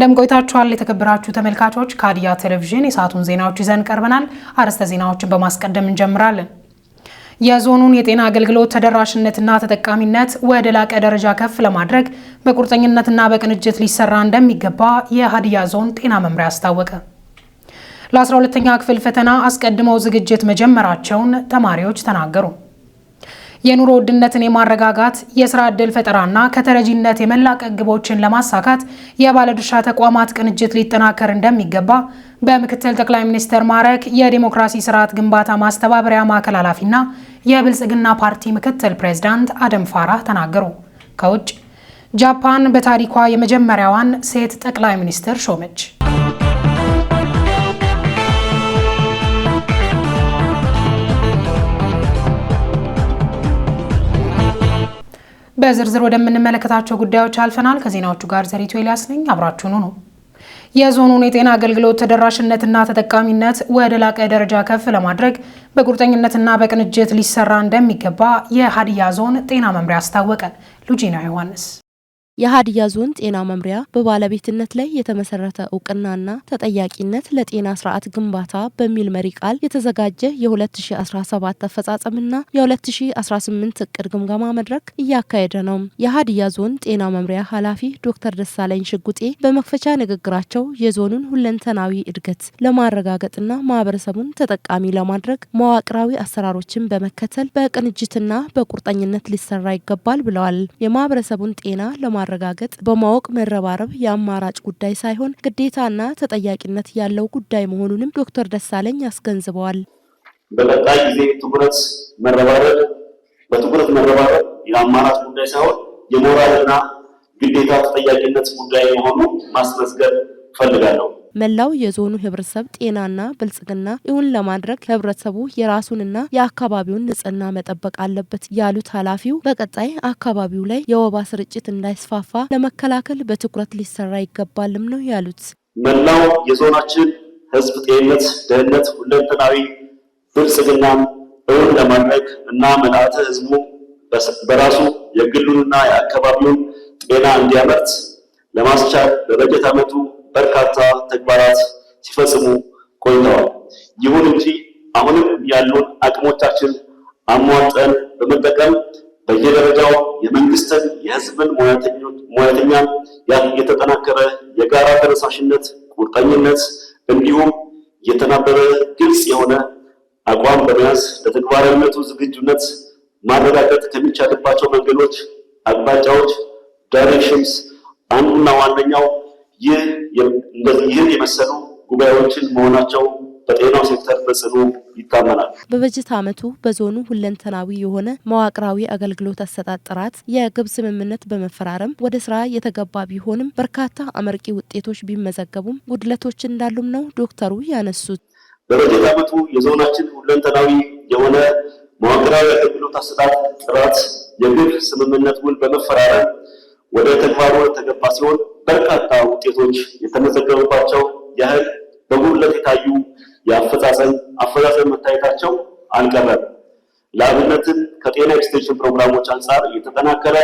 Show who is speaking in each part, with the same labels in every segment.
Speaker 1: እንደምን ቆይታችኋል? የተከበራችሁ ተመልካቾች፣ ከሀዲያ ቴሌቪዥን የሰዓቱን ዜናዎች ይዘን ቀርበናል። አርዕስተ ዜናዎችን በማስቀደም እንጀምራለን። የዞኑን የጤና አገልግሎት ተደራሽነትና ተጠቃሚነት ወደ ላቀ ደረጃ ከፍ ለማድረግ በቁርጠኝነትና በቅንጅት ሊሰራ እንደሚገባ የሀዲያ ዞን ጤና መምሪያ አስታወቀ። ለ12ኛ ክፍል ፈተና አስቀድመው ዝግጅት መጀመራቸውን ተማሪዎች ተናገሩ። የኑሮ ውድነትን የማረጋጋት የስራ ዕድል ፈጠራና ከተረጂነት የመላቀቅ ግቦችን ለማሳካት የባለድርሻ ተቋማት ቅንጅት ሊጠናከር እንደሚገባ በምክትል ጠቅላይ ሚኒስትር ማዕረግ የዲሞክራሲ ስርዓት ግንባታ ማስተባበሪያ ማዕከል ኃላፊና የብልጽግና ፓርቲ ምክትል ፕሬዝዳንት አደም ፋራህ ተናገሩ። ከውጭ ጃፓን በታሪኳ የመጀመሪያዋን ሴት ጠቅላይ ሚኒስትር ሾመች። በዝርዝር ወደምንመለከታቸው ጉዳዮች አልፈናል። ከዜናዎቹ ጋር ዘሪቱ ኤልያስ ነኝ። አብራችሁኑ ነው። የዞኑን የጤና አገልግሎት ተደራሽነትና ተጠቃሚነት ወደ ላቀ ደረጃ ከፍ ለማድረግ በቁርጠኝነትና በቅንጅት ሊሰራ እንደሚገባ የሀዲያ ዞን ጤና መምሪያ አስታወቀ። ሉጂና ዮሐንስ የሀዲያ ዞን ጤና መምሪያ በባለቤትነት ላይ የተመሰረተ እውቅናና ተጠያቂነት ለጤና ስርዓት ግንባታ በሚል መሪ ቃል የተዘጋጀ የ2017 አፈጻጸምና የ2018 እቅድ ግምገማ መድረክ እያካሄደ ነው። የሀዲያ ዞን ጤና መምሪያ ኃላፊ ዶክተር ደሳለኝ ሽጉጤ በመክፈቻ ንግግራቸው የዞኑን ሁለንተናዊ እድገት ለማረጋገጥና ማህበረሰቡን ተጠቃሚ ለማድረግ መዋቅራዊ አሰራሮችን በመከተል በቅንጅትና በቁርጠኝነት ሊሰራ ይገባል ብለዋል። የማህበረሰቡን ጤና ለማ ማረጋገጥ በማወቅ መረባረብ የአማራጭ ጉዳይ ሳይሆን ግዴታና ተጠያቂነት ያለው ጉዳይ መሆኑንም ዶክተር ደሳለኝ አስገንዝበዋል።
Speaker 2: በቀጣይ ጊዜ ትኩረት መረባረብ በትኩረት መረባረብ የአማራጭ ጉዳይ ሳይሆን የሞራልና ግዴታ ተጠያቂነት ጉዳይ መሆኑ ማስመስገር ፈልጋለሁ።
Speaker 1: መላው የዞኑ ህብረተሰብ ጤናና ብልጽግና እውን ለማድረግ ህብረተሰቡ የራሱንና የአካባቢውን ንጽህና መጠበቅ አለበት ያሉት ኃላፊው በቀጣይ አካባቢው ላይ የወባ ስርጭት እንዳይስፋፋ ለመከላከል በትኩረት ሊሰራ ይገባልም ነው ያሉት።
Speaker 2: መላው የዞናችን ህዝብ ጤንነት፣ ደህንነት፣ ሁለንተናዊ ብልጽግና እውን ለማድረግ እና ምልአተ ህዝቡ በራሱ የግሉንና የአካባቢውን ጤና እንዲያመርት ለማስቻል በበጀት ዓመቱ በርካታ ተግባራት ሲፈጽሙ ቆይተዋል። ይሁን እንጂ አሁንም ያሉን አቅሞቻችን አሟጠን በመጠቀም በየደረጃው የመንግስትን የህዝብን ሙያተኛ የተጠናከረ የጋራ ተነሳሽነት፣ ቁርጠኝነት እንዲሁም የተናበበ ግልጽ የሆነ አቋም በመያዝ ለተግባራዊነቱ ዝግጁነት ማረጋገጥ ከሚቻልባቸው መንገዶች፣ አቅጣጫዎች ዳይሬክሽንስ አንዱና ዋነኛው ይህን የመሰሉ ጉባኤዎችን መሆናቸው በጤናው ሴክተር በጽኑ ይታመናል።
Speaker 1: በበጀት ዓመቱ በዞኑ ሁለንተናዊ የሆነ መዋቅራዊ አገልግሎት አሰጣጥ ጥራት የግብ ስምምነት በመፈራረም ወደ ስራ የተገባ ቢሆንም በርካታ አመርቂ ውጤቶች ቢመዘገቡም ጉድለቶች እንዳሉም ነው ዶክተሩ ያነሱት።
Speaker 2: በበጀት ዓመቱ የዞናችን ሁለንተናዊ የሆነ መዋቅራዊ አገልግሎት አሰጣጥ ጥራት የግብ ስምምነት ውል በመፈራረም ወደ ተግባሩ የተገባ ሲሆን በርካታ ውጤቶች የተመዘገቡባቸው ያህል በጉድለት የታዩ የአፈጻጸም አፈጻጸም መታየታቸው አልቀረም። ለአብነትም ከጤና ኤክስቴንሽን ፕሮግራሞች አንጻር የተጠናከረ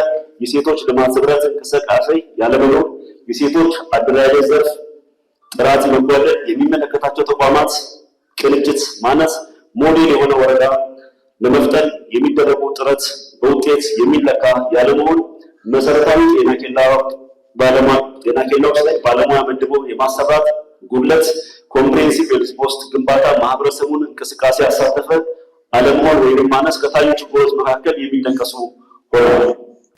Speaker 2: የሴቶች ልማት ስብረት እንቅስቃሴ ያለመኖር፣ የሴቶች አደረጃጀት ዘርፍ ጥራት መጓደል፣ የሚመለከታቸው ተቋማት ቅንጅት ማነስ፣ ሞዴል የሆነ ወረዳ ለመፍጠር የሚደረጉ ጥረት በውጤት የሚለካ ያለመሆን፣ መሰረታዊ ጤና ባለሙያ ጤና ኬላ ውስጥ ላይ ባለሙያ መድቦ የማሰራት ጉድለት፣ ኮምፕሬንሲቭ ሪስፖንስ ግንባታ ማህበረሰቡን እንቅስቃሴ ያሳተፈ አለመሆን ወይም ማነስ ከታዩ ችግሮች መካከል የሚጠቀሱ ሆነዋል።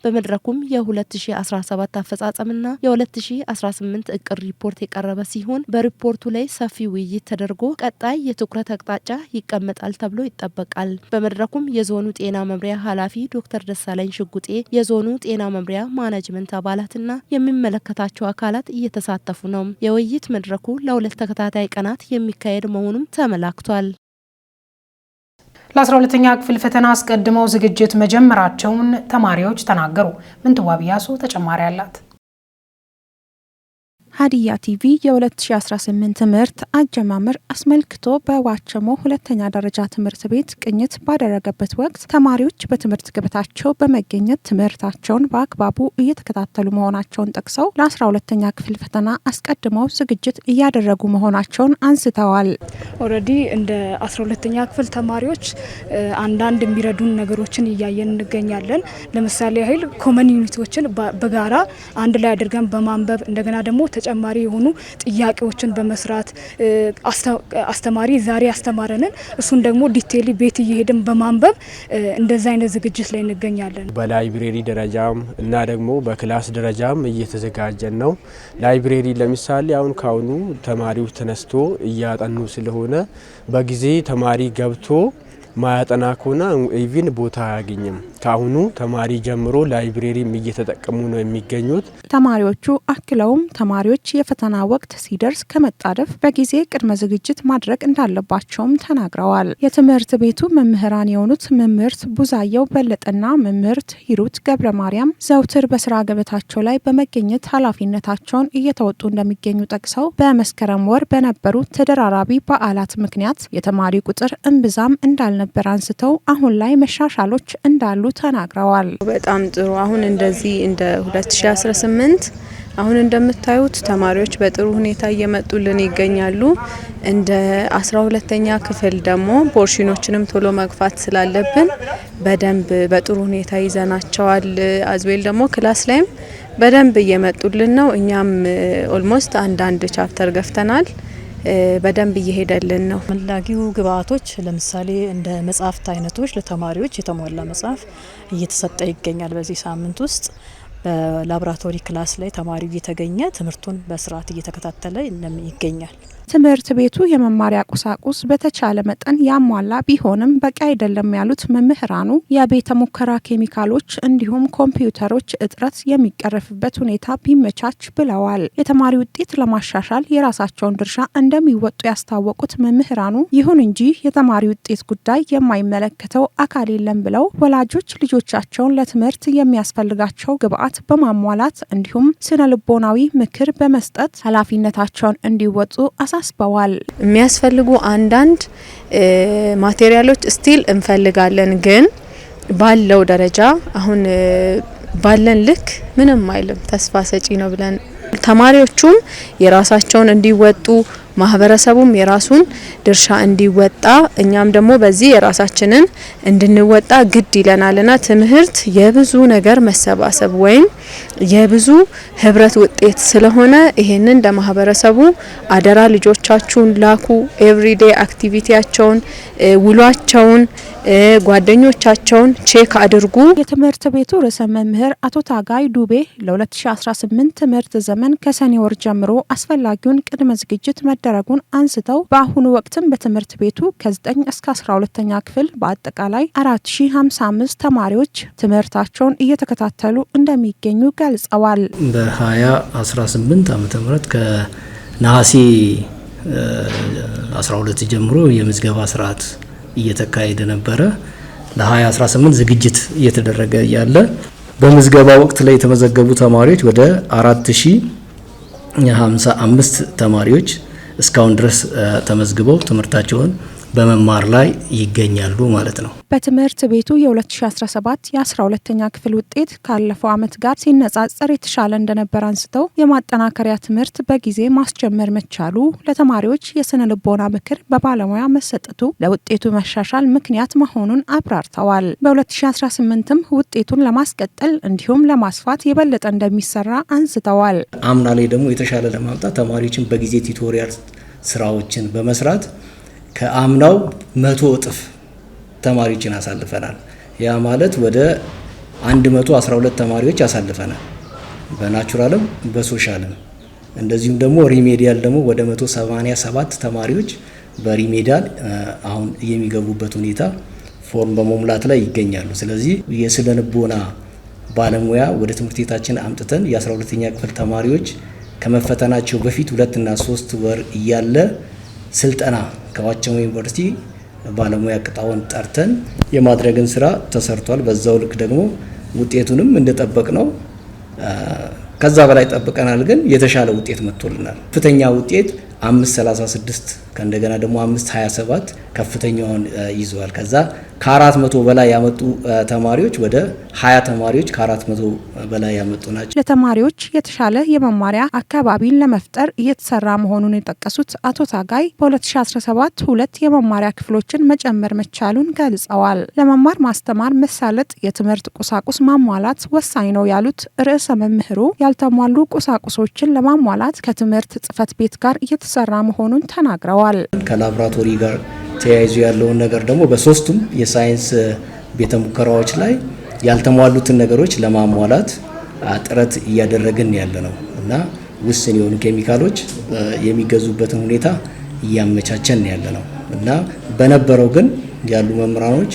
Speaker 1: በመድረኩም የ2017 አፈጻጸምና የ2018 እቅድ ሪፖርት የቀረበ ሲሆን በሪፖርቱ ላይ ሰፊ ውይይት ተደርጎ ቀጣይ የትኩረት አቅጣጫ ይቀመጣል ተብሎ ይጠበቃል። በመድረኩም የዞኑ ጤና መምሪያ ኃላፊ ዶክተር ደሳለኝ ሽጉጤ፣ የዞኑ ጤና መምሪያ ማናጅመንት አባላትና የሚመለከታቸው አካላት እየተሳተፉ ነው። የውይይት መድረኩ ለሁለት ተከታታይ ቀናት የሚካሄድ መሆኑም ተመላክቷል። ለ12ኛ ክፍል ፈተና አስቀድመው ዝግጅት መጀመራቸውን ተማሪዎች ተናገሩ። ምንትዋብ ያሱ ተጨማሪ አላት። ሀዲያ ቲቪ የ2018 ትምህርት አጀማመር አስመልክቶ በዋቸሞ ሁለተኛ ደረጃ ትምህርት ቤት ቅኝት ባደረገበት ወቅት ተማሪዎች በትምህርት ገበታቸው በመገኘት ትምህርታቸውን በአግባቡ እየተከታተሉ መሆናቸውን ጠቅሰው ለ12ተኛ ክፍል ፈተና አስቀድመው ዝግጅት እያደረጉ መሆናቸውን አንስተዋል።
Speaker 3: ኦልሬዲ እንደ 12ተኛ ክፍል ተማሪዎች አንዳንድ የሚረዱን ነገሮችን እያየን እንገኛለን። ለምሳሌ ያህል ኮመን ዩኒቶችን በጋራ አንድ ላይ አድርገን በማንበብ እንደገና ደግሞ ተጨማሪ የሆኑ ጥያቄዎችን በመስራት አስተማሪ ዛሬ ያስተማረንን እሱን ደግሞ ዲቴይል ቤት እየሄድን በማንበብ እንደዛ አይነት ዝግጅት ላይ እንገኛለን።
Speaker 4: በላይብሬሪ ደረጃም እና ደግሞ በክላስ ደረጃም እየተዘጋጀን ነው። ላይብሬሪ ለምሳሌ አሁን ካሁኑ ተማሪው ተነስቶ እያጠኑ ስለሆነ በጊዜ ተማሪ ገብቶ ማያጠና ከሆነ ኢቪን ቦታ አያገኝም። ከአሁኑ ተማሪ ጀምሮ ላይብሬሪም እየተጠቀሙ ነው የሚገኙት
Speaker 1: ተማሪዎቹ። አክለውም ተማሪዎች የፈተና ወቅት ሲደርስ ከመጣደፍ በጊዜ ቅድመ ዝግጅት ማድረግ እንዳለባቸውም ተናግረዋል። የትምህርት ቤቱ መምህራን የሆኑት መምህርት ቡዛየው በለጠና መምህርት ሂሩት ገብረ ማርያም ዘውትር በስራ ገበታቸው ላይ በመገኘት ኃላፊነታቸውን እየተወጡ እንደሚገኙ ጠቅሰው በመስከረም ወር በነበሩ ተደራራቢ በዓላት ምክንያት የተማሪ ቁጥር እምብዛም እንዳልነበ እንደነበር አንስተው አሁን ላይ መሻሻሎች እንዳሉ ተናግረዋል።
Speaker 5: በጣም ጥሩ አሁን እንደዚህ እንደ 2018 አሁን እንደምታዩት ተማሪዎች በጥሩ ሁኔታ እየመጡልን ይገኛሉ። እንደ አስራ ሁለተኛ ክፍል ደግሞ ፖርሽኖችንም ቶሎ መግፋት ስላለብን በደንብ በጥሩ ሁኔታ ይዘናቸዋል። አዝቤል ደግሞ ክላስ ላይም በደንብ እየመጡልን ነው። እኛም ኦልሞስት አንዳንድ ቻፕተር ገፍተናል። በደንብ እየሄደልን ነው።
Speaker 6: ፈላጊው ግብአቶች ለምሳሌ እንደ መጽሐፍት አይነቶች ለተማሪዎች የተሟላ መጽሐፍ እየተሰጠ ይገኛል። በዚህ ሳምንት ውስጥ በላብራቶሪ ክላስ ላይ ተማሪው እየተገኘ ትምህርቱን በስርዓት እየተከታተለ ይገኛል።
Speaker 1: ትምህርት ቤቱ የመማሪያ ቁሳቁስ በተቻለ መጠን ያሟላ ቢሆንም በቂ አይደለም ያሉት መምህራኑ የቤተ ሙከራ ኬሚካሎች እንዲሁም ኮምፒውተሮች እጥረት የሚቀረፍበት ሁኔታ ቢመቻች ብለዋል። የተማሪ ውጤት ለማሻሻል የራሳቸውን ድርሻ እንደሚወጡ ያስታወቁት መምህራኑ ይሁን እንጂ የተማሪ ውጤት ጉዳይ የማይመለከተው አካል የለም ብለው ወላጆች ልጆቻቸውን ለትምህርት የሚያስፈልጋቸው ግብዓት በማሟላት እንዲሁም ስነ ልቦናዊ ምክር በመስጠት ኃላፊነታቸውን እንዲወጡ አሳ አሳስበዋል።
Speaker 5: የሚያስፈልጉ አንዳንድ ማቴሪያሎች ስቲል እንፈልጋለን፣ ግን ባለው ደረጃ አሁን ባለን ልክ ምንም አይልም፣ ተስፋ ሰጪ ነው ብለን ተማሪዎቹም የራሳቸውን እንዲወጡ ማህበረሰቡም የራሱን ድርሻ እንዲወጣ እኛም ደግሞ በዚህ የራሳችንን እንድንወጣ ግድ ይለናልና ትምህርት የብዙ ነገር መሰባሰብ ወይም የብዙ ህብረት ውጤት ስለሆነ ይሄንን ለማህበረሰቡ አደራ ልጆቻችሁን ላኩ። ኤቭሪዴ አክቲቪቲያቸውን፣ ውሏቸውን፣ ጓደኞቻቸውን ቼክ አድርጉ።
Speaker 1: የትምህርት ቤቱ ርዕሰ መምህር አቶ ታጋይ ዱቤ ለ2018 ትምህርት ዘመን ከሰኔ ወር ጀምሮ አስፈላጊውን ቅድመ ዝግጅት መደ መደረጉን አንስተው በአሁኑ ወቅትም በትምህርት ቤቱ ከ9 እስከ 12ኛ ክፍል በአጠቃላይ 4055 ተማሪዎች ትምህርታቸውን እየተከታተሉ እንደሚገኙ ገልጸዋል።
Speaker 7: በ2018 ዓ ም ከነሐሴ 12 ጀምሮ የምዝገባ ስርዓት እየተካሄደ ነበረ። ለ2018 ዝግጅት እየተደረገ ያለ በምዝገባ ወቅት ላይ የተመዘገቡ ተማሪዎች ወደ 4055 ተማሪዎች እስካሁን ድረስ ተመዝግበው ትምህርታቸውን በመማር ላይ ይገኛሉ ማለት ነው።
Speaker 1: በትምህርት ቤቱ የ2017 የ12ኛ ክፍል ውጤት ካለፈው ዓመት ጋር ሲነጻጸር የተሻለ እንደነበር አንስተው የማጠናከሪያ ትምህርት በጊዜ ማስጀመር መቻሉ፣ ለተማሪዎች የስነ ልቦና ምክር በባለሙያ መሰጠቱ ለውጤቱ መሻሻል ምክንያት መሆኑን አብራርተዋል። በ2018ም ውጤቱን ለማስቀጠል እንዲሁም ለማስፋት የበለጠ እንደሚሰራ አንስተዋል።
Speaker 7: አምና ላይ ደግሞ የተሻለ ለማምጣት ተማሪዎችን በጊዜ ቲቶሪያል ስራዎችን በመስራት ከአምናው መቶ እጥፍ ተማሪዎችን አሳልፈናል። ያ ማለት ወደ 112 ተማሪዎች አሳልፈናል በናቹራልም በሶሻልም። እንደዚሁም ደግሞ ሪሜዲያል ደግሞ ወደ 187 ተማሪዎች በሪሜዲያል አሁን የሚገቡበት ሁኔታ ፎርም በመሙላት ላይ ይገኛሉ። ስለዚህ የስነ ልቦና ባለሙያ ወደ ትምህርት ቤታችን አምጥተን የ12ኛ ክፍል ተማሪዎች ከመፈተናቸው በፊት ሁለትና ሶስት ወር እያለ ስልጠና ከዋቸሞ ዩኒቨርሲቲ ባለሙያ ቅጣውን ጠርተን የማድረግን ስራ ተሰርቷል። በዛው ልክ ደግሞ ውጤቱንም እንደጠበቅ ነው ከዛ በላይ ጠብቀናል፣ ግን የተሻለ ውጤት መጥቶልናል። ከፍተኛ ውጤት 536 ከእንደገና ደግሞ 527 ከፍተኛውን ይዘዋል። ከዛ ከአራት መቶ በላይ ያመጡ ተማሪዎች ወደ ሀያ ተማሪዎች ከአራት መቶ በላይ ያመጡ ናቸው።
Speaker 1: ለተማሪዎች የተሻለ የመማሪያ አካባቢን ለመፍጠር እየተሰራ መሆኑን የጠቀሱት አቶ ታጋይ በ2017 ሁለት የመማሪያ ክፍሎችን መጨመር መቻሉን ገልጸዋል። ለመማር ማስተማር መሳለጥ፣ የትምህርት ቁሳቁስ ማሟላት ወሳኝ ነው ያሉት ርዕሰ መምህሩ ያልተሟሉ ቁሳቁሶችን ለማሟላት ከትምህርት ጽህፈት ቤት ጋር እየተሰራ መሆኑን ተናግረዋል።
Speaker 7: ከላቦራቶሪ ጋር ተያይዞ ያለውን ነገር ደግሞ በሶስቱም የሳይንስ ቤተ ሙከራዎች ላይ ያልተሟሉትን ነገሮች ለማሟላት ጥረት እያደረግን ያለ ነው እና ውስን የሆኑ ኬሚካሎች የሚገዙበትን ሁኔታ እያመቻቸን ያለ ነው እና በነበረው ግን ያሉ መምህራኖች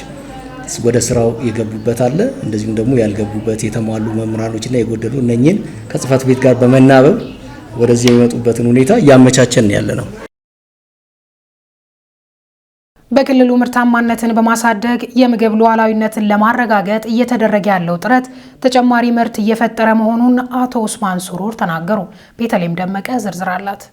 Speaker 7: ወደ ስራው የገቡበት አለ። እንደዚሁም ደግሞ ያልገቡበት የተሟሉ መምህራኖችና የጎደሉ እነኝን ከጽህፈት ቤት ጋር በመናበብ ወደዚህ የሚመጡበትን ሁኔታ እያመቻቸን ያለ ነው።
Speaker 1: በክልሉ ምርታማነትን በማሳደግ የምግብ ሉዓላዊነትን ለማረጋገጥ እየተደረገ ያለው ጥረት ተጨማሪ ምርት እየፈጠረ መሆኑን አቶ ኡስማን ሱሩር ተናገሩ። ቤተልሔም ደመቀ ዝርዝር አላት።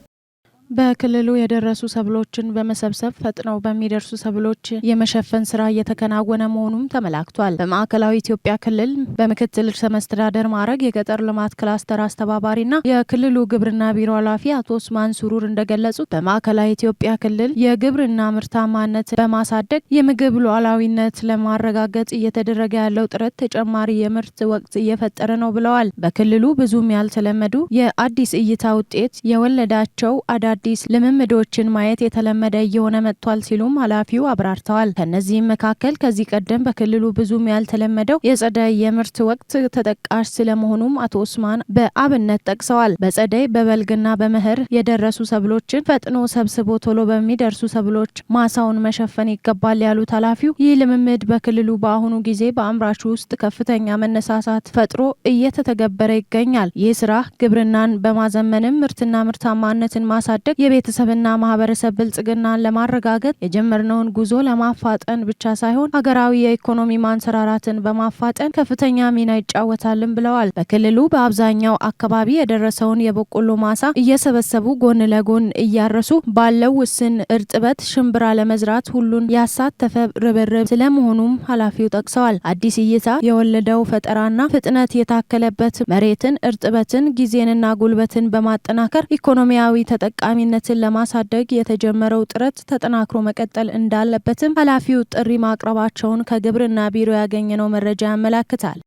Speaker 1: በክልሉ የደረሱ ሰብሎችን በመሰብሰብ ፈጥነው በሚደርሱ ሰብሎች የመሸፈን ስራ እየተከናወነ መሆኑም ተመላክቷል። በማዕከላዊ ኢትዮጵያ ክልል በምክትል ርዕሰ መስተዳደር ማዕረግ የገጠር ልማት ክላስተር አስተባባሪና የክልሉ ግብርና ቢሮ ኃላፊ አቶ ኡስማን ሱሩር እንደገለጹት በማዕከላዊ ኢትዮጵያ ክልል የግብርና ምርታማነት በማሳደግ የምግብ ሉዓላዊነት ለማረጋገጥ እየተደረገ ያለው ጥረት ተጨማሪ የምርት ወቅት እየፈጠረ ነው ብለዋል። በክልሉ ብዙም ያልተለመዱ የአዲስ እይታ ውጤት የወለዳቸው አዳ አዳዲስ ልምምዶችን ማየት የተለመደ እየሆነ መጥቷል ሲሉም ኃላፊው አብራርተዋል። ከእነዚህም መካከል ከዚህ ቀደም በክልሉ ብዙም ያልተለመደው የጸደይ የምርት ወቅት ተጠቃሽ ስለመሆኑም አቶ ኡስማን በአብነት ጠቅሰዋል። በጸደይ በበልግና በመኸር የደረሱ ሰብሎችን ፈጥኖ ሰብስቦ ቶሎ በሚደርሱ ሰብሎች ማሳውን መሸፈን ይገባል ያሉት ኃላፊው ይህ ልምምድ በክልሉ በአሁኑ ጊዜ በአምራቹ ውስጥ ከፍተኛ መነሳሳት ፈጥሮ እየተተገበረ ይገኛል። ይህ ስራ ግብርናን በማዘመንም ምርትና ምርታማነትን ማሳደግ ለማሳደግ የቤተሰብና ማህበረሰብ ብልጽግናን ለማረጋገጥ የጀመርነውን ጉዞ ለማፋጠን ብቻ ሳይሆን ሀገራዊ የኢኮኖሚ ማንሰራራትን በማፋጠን ከፍተኛ ሚና ይጫወታልን ብለዋል። በክልሉ በአብዛኛው አካባቢ የደረሰውን የበቆሎ ማሳ እየሰበሰቡ ጎን ለጎን እያረሱ ባለው ውስን እርጥበት ሽምብራ ለመዝራት ሁሉን ያሳተፈ ርብርብ ስለመሆኑም ኃላፊው ጠቅሰዋል። አዲስ እይታ የወለደው ፈጠራና ፍጥነት የታከለበት መሬትን፣ እርጥበትን፣ ጊዜንና ጉልበትን በማጠናከር ኢኮኖሚያዊ ተጠቃሚ ተጠቃሚነትን ለማሳደግ የተጀመረው ጥረት ተጠናክሮ መቀጠል እንዳለበትም ኃላፊው ጥሪ ማቅረባቸውን ከግብርና ቢሮ ያገኘነው መረጃ ያመላክታል።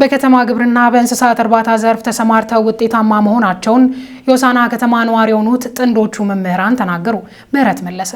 Speaker 1: በከተማ ግብርና በእንስሳት እርባታ ዘርፍ ተሰማርተው ውጤታማ መሆናቸውን የሆሳዕና ከተማ ነዋሪ የሆኑት ጥንዶቹ መምህራን ተናገሩ። ምህረት መለሰ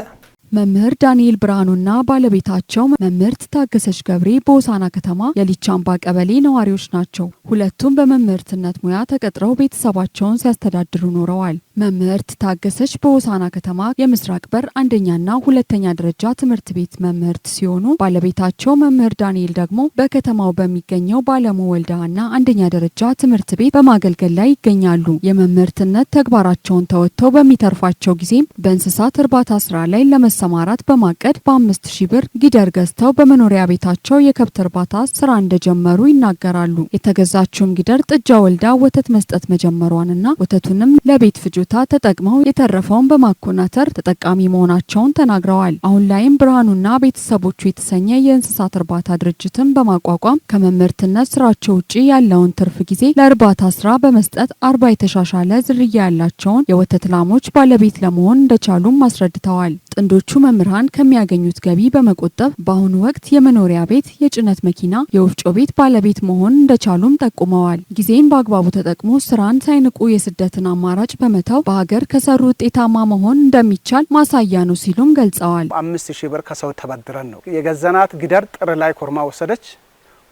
Speaker 1: መምህር ዳንኤል ብርሃኑና ባለቤታቸው መምህርት ታገሰች ገብሬ በሆሳና ከተማ የሊቻምባ ቀበሌ ነዋሪዎች ናቸው። ሁለቱም በመምህርትነት ሙያ ተቀጥረው ቤተሰባቸውን ሲያስተዳድሩ ኖረዋል። መምህርት ታገሰች በሆሳና ከተማ የምስራቅ በር አንደኛና ሁለተኛ ደረጃ ትምህርት ቤት መምህርት ሲሆኑ ባለቤታቸው መምህር ዳንኤል ደግሞ በከተማው በሚገኘው በአለሙ ወልዳና አንደኛ ደረጃ ትምህርት ቤት በማገልገል ላይ ይገኛሉ። የመምህርትነት ተግባራቸውን ተወጥተው በሚተርፋቸው ጊዜም በእንስሳት እርባታ ስራ ላይ ለመሰማራት በማቀድ በአምስት ሺህ ብር ጊደር ገዝተው በመኖሪያ ቤታቸው የከብት እርባታ ስራ እንደጀመሩ ይናገራሉ። የተገዛችውም ጊደር ጥጃ ወልዳ ወተት መስጠት መጀመሯንና ወተቱንም ለቤት ፍጆ ችሎታ ተጠቅመው የተረፈውን በማኮናተር ተጠቃሚ መሆናቸውን ተናግረዋል። አሁን ላይም ብርሃኑና ቤተሰቦቹ የተሰኘ የእንስሳት እርባታ ድርጅትን በማቋቋም ከመምህርትነት ስራቸው ውጭ ያለውን ትርፍ ጊዜ ለእርባታ ስራ በመስጠት አርባ የተሻሻለ ዝርያ ያላቸውን የወተት ላሞች ባለቤት ለመሆን እንደቻሉም አስረድተዋል። ጥንዶቹ መምህራን ከሚያገኙት ገቢ በመቆጠብ በአሁኑ ወቅት የመኖሪያ ቤት፣ የጭነት መኪና፣ የወፍጮ ቤት ባለቤት መሆን እንደቻሉም ጠቁመዋል። ጊዜን በአግባቡ ተጠቅሞ ስራን ሳይንቁ የስደትን አማራጭ በመተው በሀገር ከሰሩ ውጤታማ መሆን እንደሚቻል ማሳያ ነው ሲሉም ገልጸዋል።
Speaker 8: አምስት ሺህ ብር ከሰው ተበድረን ነው የገዛናት። ግደር ጥር ላይ ኮርማ ወሰደች፣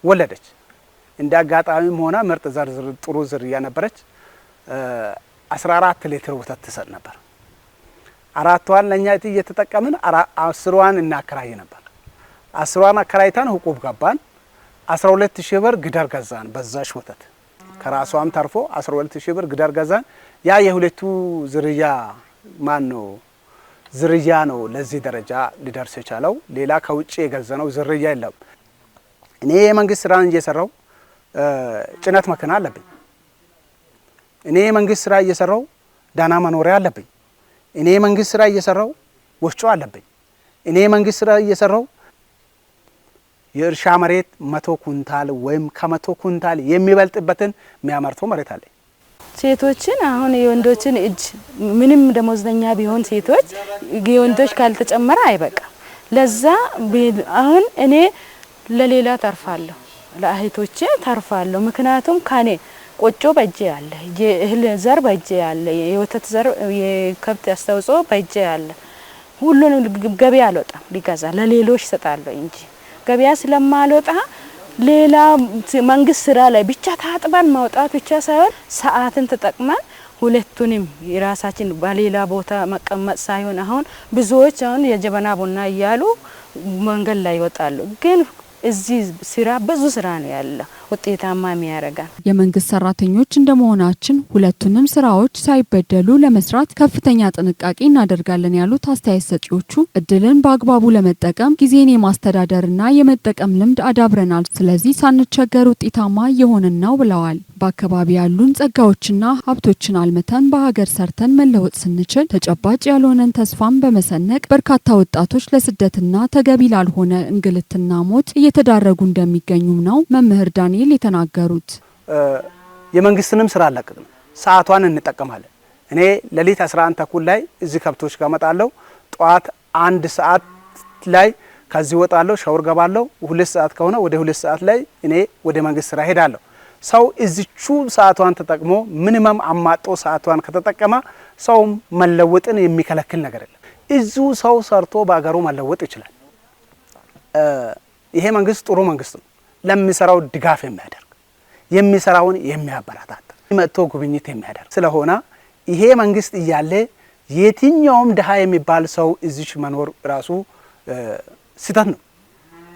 Speaker 8: ወለደች። እንደ አጋጣሚም ሆና ምርጥ ዘር ጥሩ ዝርያ ነበረች። 14 ሊትር ወተት ትሰጥ ነበር አራቷን ለእኛ እየተጠቀምን አስሯን እናከራይ ነበር። አስሯን አከራይታን ህቁብ ገባን። አስራ ሁለት ሺህ ብር ግደር ገዛን። በዛሽ ወተት ከራሷም ተርፎ አስራ ሁለት ሺህ ብር ግደር ገዛን። ያ የሁለቱ ዝርያ ማን ነው ዝርያ ነው ለዚህ ደረጃ ሊደርስ የቻለው። ሌላ ከውጭ የገዘነው ዝርያ የለም። እኔ የመንግስት ስራን እየሰራው ጭነት መኪና አለብኝ። እኔ የመንግስት ስራ እየሰራው ዳና መኖሪያ አለብኝ። እኔ የመንግስት ስራ እየሰራው ወፍጮ አለብኝ። እኔ የመንግስት ስራ እየሰራው የእርሻ መሬት መቶ ኩንታል ወይም ከመቶ ኩንታል የሚበልጥበትን የሚያመርቶ መሬት አለኝ።
Speaker 9: ሴቶችን አሁን የወንዶችን እጅ ምንም ደሞዝተኛ ቢሆን ሴቶች የወንዶች ካልተጨመረ አይበቃም። ለዛ አሁን እኔ ለሌላ ተርፋለሁ፣ ለእህቶቼ ተርፋለሁ። ምክንያቱም ከኔ ቆጮ በእጄ ያለ፣ የእህል ዘር በእጄ ያለ፣ የወተት ዘር፣ የከብት አስተዋጽኦ በእጄ ያለ። ሁሉንም ገበያ አልወጣም ሊገዛ ለሌሎች እሰጣለሁ እንጂ ገበያ ስለማልወጣ ሌላ መንግስት ስራ ላይ ብቻ ታጥበን ማውጣት ብቻ ሳይሆን ሰዓትን ተጠቅመን ሁለቱንም የራሳችን በሌላ ቦታ መቀመጥ ሳይሆን አሁን ብዙዎች አሁን የጀበና ቡና እያሉ መንገድ ላይ ይወጣሉ ግን እዚህ ስራ ብዙ ስራ ነው ያለ ውጤታማ የሚያደርጋል።
Speaker 1: የመንግስት ሰራተኞች እንደመሆናችን ሁለቱንም ስራዎች ሳይበደሉ ለመስራት ከፍተኛ ጥንቃቄ እናደርጋለን ያሉት አስተያየት ሰጪዎቹ እድልን በአግባቡ ለመጠቀም ጊዜን የማስተዳደርና የመጠቀም ልምድ አዳብረናል። ስለዚህ ሳንቸገር ውጤታማ እየሆንን ነው ብለዋል። በአካባቢ ያሉን ጸጋዎችና ሀብቶችን አልምተን በሀገር ሰርተን መለወጥ ስንችል ተጨባጭ ያልሆነን ተስፋን በመሰነቅ በርካታ ወጣቶች ለስደትና ተገቢ ላልሆነ እንግልትና ሞት እየተዳረጉ እንደሚገኙም ነው መምህር ዳንኤል የተናገሩት።
Speaker 10: የመንግስትንም ስራ አላቅቅም፣ ሰዓቷን እንጠቀማለን። እኔ ሌሊት 11 ተኩል ላይ እዚህ ከብቶች ጋር እመጣለሁ። ጠዋት አንድ ሰዓት ላይ ከዚህ ወጣለሁ፣ ሻወር ገባለሁ። ሁለት ሰዓት ከሆነ ወደ ሁለት ሰዓት ላይ እኔ ወደ መንግስት ስራ ሄዳለሁ። ሰው እዚቹ ሰዓቷን ተጠቅሞ ሚኒመም አማጦ ሰዓቷን ከተጠቀመ ሰው መለወጥን የሚከለክል ነገር የለም። እዚሁ ሰው ሰርቶ በአገሩ መለወጥ ይችላል። ይሄ መንግስት ጥሩ መንግስት ነው። ለሚሰራው ድጋፍ የሚያደርግ የሚሰራውን የሚያበረታት መጥቶ ጉብኝት የሚያደርግ ስለሆነ ይሄ መንግስት እያለ የትኛውም ድሃ የሚባል ሰው እዚሽ መኖር ራሱ ስህተት ነው።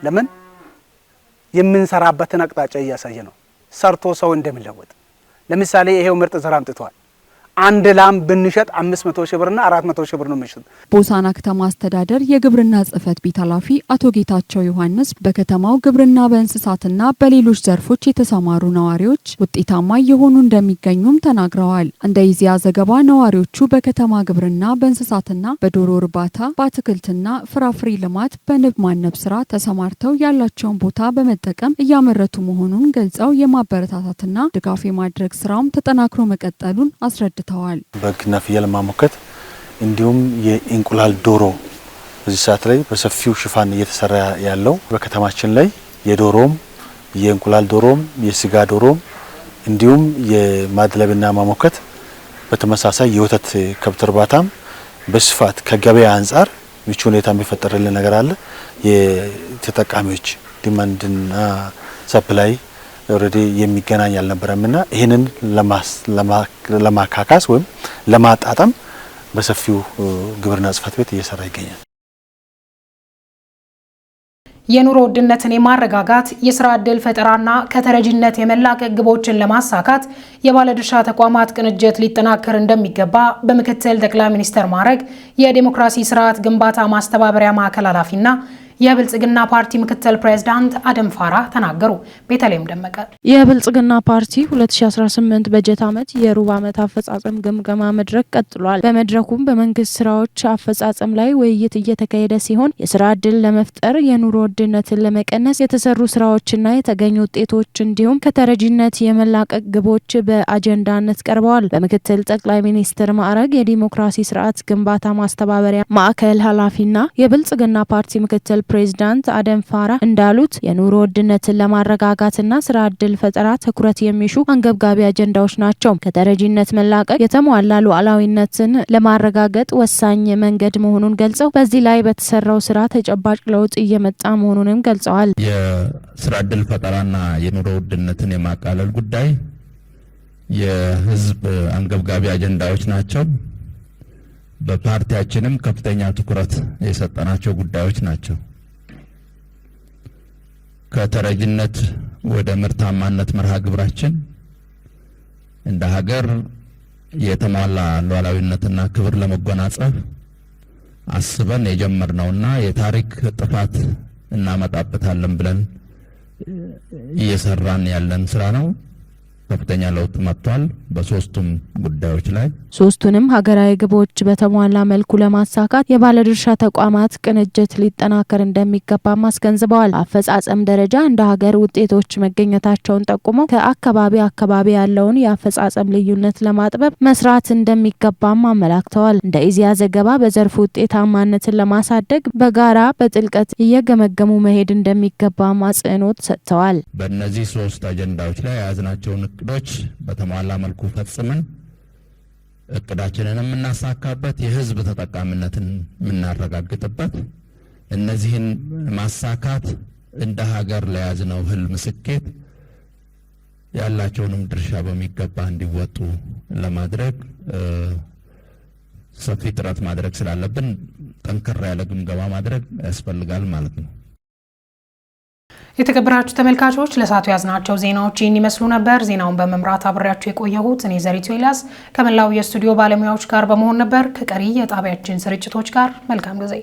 Speaker 10: ለምን የምንሰራበትን አቅጣጫ እያሳየ ነው፣ ሰርቶ ሰው እንደሚለወጥ። ለምሳሌ ይሄው ምርጥ ዘር አምጥተዋል። አንድ ላም ብንሸጥ 500 ሺህ ብርና 400 ሺህ ብር ነው የምንሸጥ።
Speaker 1: ቦሳና ከተማ አስተዳደር የግብርና ጽህፈት ቤት ኃላፊ አቶ ጌታቸው ዮሐንስ በከተማው ግብርና በእንስሳትና በሌሎች ዘርፎች የተሰማሩ ነዋሪዎች ውጤታማ እየሆኑ እንደሚገኙም ተናግረዋል። እንደ ኢዜአ ዘገባ ነዋሪዎቹ በከተማ ግብርና በእንስሳትና በዶሮ እርባታ፣ በአትክልትና ፍራፍሬ ልማት፣ በንብ ማነብ ስራ ተሰማርተው ያላቸውን ቦታ በመጠቀም እያመረቱ መሆኑን ገልጸው የማበረታታትና ድጋፍ የማድረግ ስራውም ተጠናክሮ መቀጠሉን አስረድተዋል። አብራርተዋል።
Speaker 11: በግና ፍየል ማሞከት እንዲሁም የእንቁላል ዶሮ በዚህ ሰዓት ላይ በሰፊው ሽፋን እየተሰራ ያለው በከተማችን ላይ የዶሮም የእንቁላል ዶሮም የስጋ ዶሮም እንዲሁም የማድለብና ማሞከት በተመሳሳይ የወተት ከብት እርባታም በስፋት ከገበያ አንጻር ምቹ ሁኔታ የሚፈጠርልን ነገር አለ። የተጠቃሚዎች ዲማንድና ሰፕላይ ኦልሬዲ የሚገናኝ አልነበረም እና ይህንን ለማካካስ ወይም ለማጣጣም በሰፊው ግብርና ጽፈት ቤት እየሰራ ይገኛል።
Speaker 1: የኑሮ ውድነትን የማረጋጋት የስራ እድል ፈጠራና ከተረጅነት የመላቀቅ ግቦችን ለማሳካት የባለድርሻ ተቋማት ቅንጅት ሊጠናከር እንደሚገባ በምክትል ጠቅላይ ሚኒስትር ማዕረግ የዴሞክራሲ ስርዓት ግንባታ ማስተባበሪያ ማዕከል ኃላፊና የብልጽግና ፓርቲ ምክትል ፕሬዝዳንት አደም ፋራ ተናገሩ። በተለይም ደመቀ የብልጽግና ፓርቲ 2018 በጀት ዓመት የሩብ ዓመት አፈጻጸም ግምገማ መድረክ ቀጥሏል። በመድረኩም በመንግስት ስራዎች አፈጻጸም ላይ ውይይት እየተካሄደ ሲሆን የስራ እድል ለመፍጠር፣ የኑሮ ውድነትን ለመቀነስ የተሰሩ ስራዎችና የተገኙ ውጤቶች እንዲሁም ከተረጂነት የመላቀቅ ግቦች በአጀንዳነት ቀርበዋል። በምክትል ጠቅላይ ሚኒስትር ማዕረግ የዲሞክራሲ ስርዓት ግንባታ ማስተባበሪያ ማዕከል ኃላፊና የብልጽግና ፓርቲ ምክትል ፕሬዝዳንት አደም ፋራ እንዳሉት የኑሮ ውድነትን ለማረጋጋትና ስራ እድል ፈጠራ ትኩረት የሚሹ አንገብጋቢ አጀንዳዎች ናቸው። ከተረጂነት መላቀቅ የተሟላ ሉዓላዊነትን ለማረጋገጥ ወሳኝ መንገድ መሆኑን ገልጸው በዚህ ላይ በተሰራው ስራ ተጨባጭ ለውጥ እየመጣ መሆኑንም ገልጸዋል።
Speaker 12: የስራ እድል ፈጠራና የኑሮ ውድነትን የማቃለል ጉዳይ የህዝብ አንገብጋቢ አጀንዳዎች ናቸው። በፓርቲያችንም ከፍተኛ ትኩረት የሰጠናቸው ጉዳዮች ናቸው። ከተረጅነት ወደ ምርታማነት መርሃ ግብራችን እንደ ሀገር የተሟላ ሉዓላዊነትና ክብር ለመጎናጸፍ አስበን የጀመርነውና የታሪክ ጥፋት እናመጣበታለን ብለን እየሰራን ያለን ስራ ነው። ከፍተኛ ለውጥ መጥቷል። በሶስቱም ጉዳዮች ላይ
Speaker 1: ሶስቱንም ሀገራዊ ግቦች በተሟላ መልኩ ለማሳካት የባለድርሻ ተቋማት ቅንጅት ሊጠናከር እንደሚገባም አስገንዝበዋል። አፈጻጸም ደረጃ እንደ ሀገር ውጤቶች መገኘታቸውን ጠቁሞ ከአካባቢ አካባቢ ያለውን የአፈጻጸም ልዩነት ለማጥበብ መስራት እንደሚገባም አመላክተዋል። እንደ ኢዜአ ዘገባ በዘርፉ ውጤታማነትን ለማሳደግ በጋራ በጥልቀት እየገመገሙ መሄድ እንደሚገባም አጽንኦት ሰጥተዋል።
Speaker 12: በእነዚህ ሶስት አጀንዳዎች ላይ የያዝናቸውን እቅዶች በተሟላ መልኩ ፈጽመን እቅዳችንን የምናሳካበት የህዝብ ተጠቃሚነትን የምናረጋግጥበት እነዚህን ማሳካት እንደ ሀገር ለያዝነው ህልም ስኬት ያላቸውንም ድርሻ በሚገባ እንዲወጡ ለማድረግ ሰፊ ጥረት ማድረግ ስላለብን ጠንከራ ያለ ግምገማ ማድረግ ያስፈልጋል ማለት ነው።
Speaker 1: የተከበራችሁ ተመልካቾች ለሰዓቱ ያዝናቸው ዜናዎች ይህን ይመስሉ ነበር። ዜናውን በመምራት አብሬያችሁ የቆየሁት እኔ ዘሪቱ ኤልያስ ከመላው የስቱዲዮ ባለሙያዎች ጋር በመሆን ነበር። ከቀሪ የጣቢያችን ስርጭቶች ጋር መልካም ጊዜ